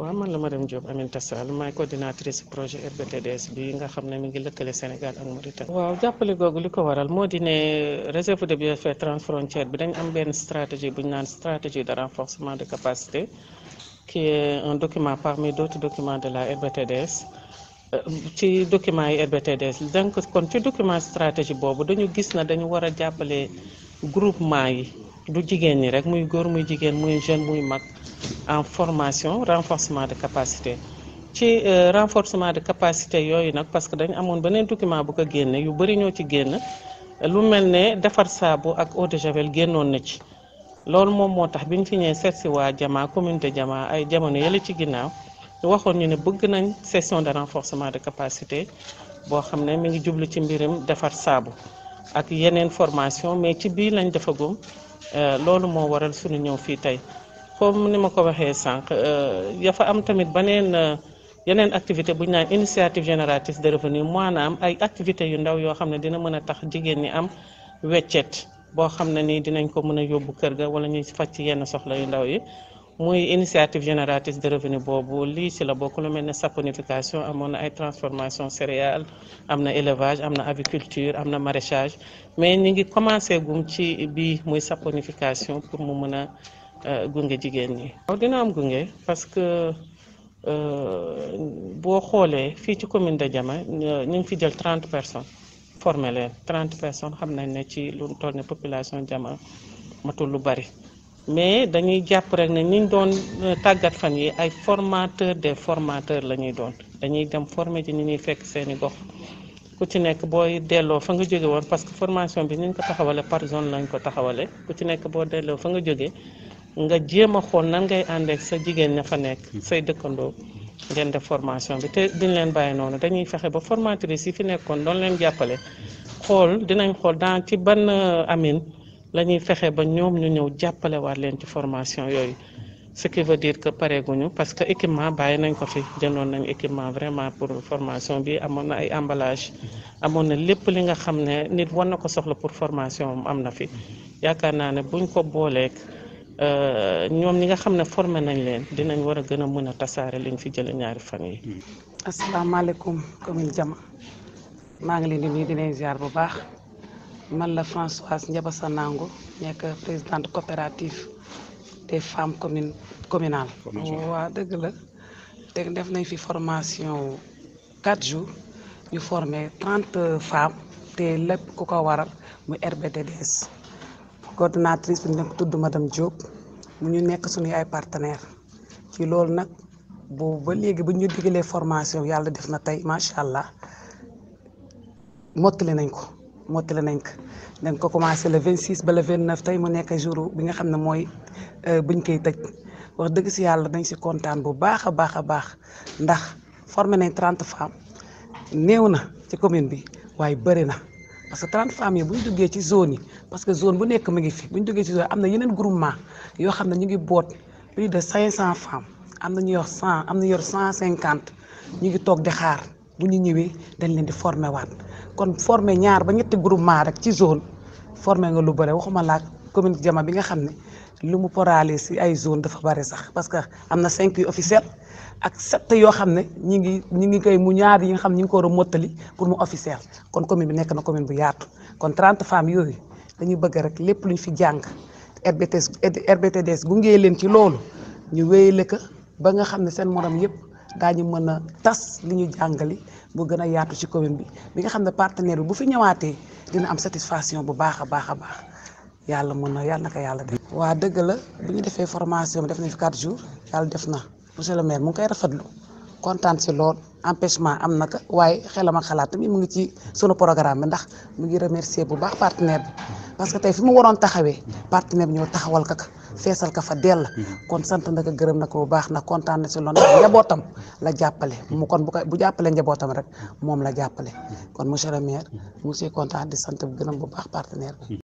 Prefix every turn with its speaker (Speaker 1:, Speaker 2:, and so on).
Speaker 1: waa man la madame Diop Aminta Sall maay coordinatrice projet RBTDS bi nga xam ne mi ngi lëkkale Sénégal ak Mauritanie. waaw jàppale googu li ko waral moo di ne réserve de biosphère transfrontière bi dañ am benn stratégie bu ñu naan stratégie de renforcement de capacité qui est un document parmi d' autres documents de la RBTDS euh, ci document yi RBTDS donc kon ci document stratégie boobu dañu gis na dañu war a jàppale groupement yi du jigéen ñi rek muy góor muy jigéen muy jeune muy mag. en formation renforcement de capacité ci euh, renforcement de capacité yooyu nag parce que dañ amoon beneen document bu ko génne yu bëri ñoo ci génn lu mel ne defar saabu ak eau de javel génnoon na ci loolu moom moo tax bi ñu fi ñëwee seet si waa Jama communauté Jama ay jamono yële ci ginnaaw waxoon ñu ne bëgg nañ session de renforcement de capacité boo xam ne mi ngi jublu ci mbirim defar saabu ak yeneen formation mais ci biir lañ defagum euh, loolu moo waral suñu ñëw fii tey comme ni ma ko waxee sànq dafa euh, am tamit ba beneen euh, yeneen activité bu ñu naan initiative génératrice de revenu maanaam ay activité yu ndaw yoo xam ne dina mën a tax jigéen ñi am weccet boo xam ne nii dinañ ko mën a yóbbu kër ga wala ñuy faj ci yenn soxla yu ndaw yi muy initiative génératrice de revenu boobu lii si la bokk lu mel ne saponification amoon na ay transformation céréale am na élevage am na aviculture am na maraichage mais ñi ngi commencé gum ci bii muy saponification pour mu mën a Euh, gunge jigéen ñi. waaw am gunge parce que euh, boo xoolee fii ci commune de Diama euh, ñu ngi fi jël trente personnes forme leen trente personne xam nañ ne ci lu toll ne population jaman matul lu bari mais dañuy jàpp rek ne ñi ñu doon tàggat fan yi ay formateur des formateur la ñuy doon dañuy dem former ci ñu ñuy fekk seeni gox ku ci nekk booy delloo fa nga jóge woon parce que formation bi ni ñu ko taxawale par zone lañ ko taxawale ku ci nekk boo delloo fa nga jógee nga jéem a xool nan ngay ànd sa jigéen ña fa nekk hmm. say dëkkandoo ngeen de formation bi te duñ leen bàyyi noonu dañuy fexe ba formatrice yi fi nekkoon doon leen jàppale xool dinañ xool dans ban euh, amin la ñuy fexe ba ñoom ñu ñëw jàppale waat leen ci formation yooyu ce qui veut dire que pareeguñu parce que équipement bàyyi nañ ko fi jëndoon nañ équipement vraiment pour formation bi amoon na ay emballage amoon na lépp li nga xam ne nit war na ko soxla pour formation am na fi yaakaar naa ne buñ ko booleek Euh, ñoom ñi nga xam ne formé nañ leen dinañ war a gën a mën a tasaare liñ fi jëlee ñaari fan yi. Hmm.
Speaker 2: asalaamaaleykum commune Diama maa ngi leen di nuyu di leen bu baax man la Françoise Ndiabassa Nango nekk présidente coopérative des femmes commune communales. waa dëgg la te def nañ fi formation 4 jours ñu formé 30 femmes te lépp ku ko waral mu rbds coordonnatrice bi nag tudd madame Diop mu ñu nekk suñuy ay partenaire ci loolu nag boobu ba léegi bu ñu digalee formation yàlla def na tey macha allah mottali nañ ko mottali nañ ko dañ ko commencé le 26 ba le 29 tey mu nekk jour bi nga xam ne mooy euh, bu ñu koy tëj wax dëgg si yàlla dañ si kontaan bu baax a baax a baax ndax formé nañ trente femmes néew na ci commune bi waaye bëri na. parce que 30 femmes yi bu ñu duggee ci zone yi parce que zone bu nekk mu ngi fi bu ñu duggee ci zone am na yeneen groupement yoo xam ne ñu ngi boot plus de 500 femmes am na ñu yor 100 am na yor 150 ñu ngi toog di xaar bu ñu ñëwee dañ leen di formé waat kon formé ñaar ba ñetti groupement rek ci zone formé nga lu bëre waxuma laak commune Diama bi nga xam ne li mu poraale si ay zone dafa bari sax parce que am na cinq yu officiel ak sept yoo xam ne ñi ngi ñi ngi koy mu ñaar yi nga xam ñi ngi ko war a mottali pour mu officiel kon commune bi nekk na commune bu yaatu kon trente femmes yooyu dañuy bëgg rek lépp lu ñu fi jàng RBTS RBTDS gungee leen ci loolu ñu wéyale ko ba nga xam ne seen morom yëpp daañu mën a tas li ñu jàngali bu gën a yaatu ci commune bi bi nga xam ne partenaire bi bu fi ñëwaatee dina am satisfaction bu baax a baax a baax yàlla mën na yàlla na ko yàlla def. waa dëgg la bi ñu defee formation def nañ fi 4 jours def na monsieur le maire mu ngi koy rafetlu kontaan si lool empêchement am na ko waaye xelam ak xalaat tamit mu ngi ci sunu programme bi ndax mu ngi remercier bu baax partenaire bi parce que tey fi mu waroon taxawee partenaire bi ñoo taxawal ko feesal ka fa dell kon sant na ko gërëm na ko bu baax na kontaan na si loolu njabootam la jàppale mu kon bu ko bu jàppale njabootam rek moom la jàppale kon monsieur le maire mu kontaan di sant bu gërëm bu baax partenaire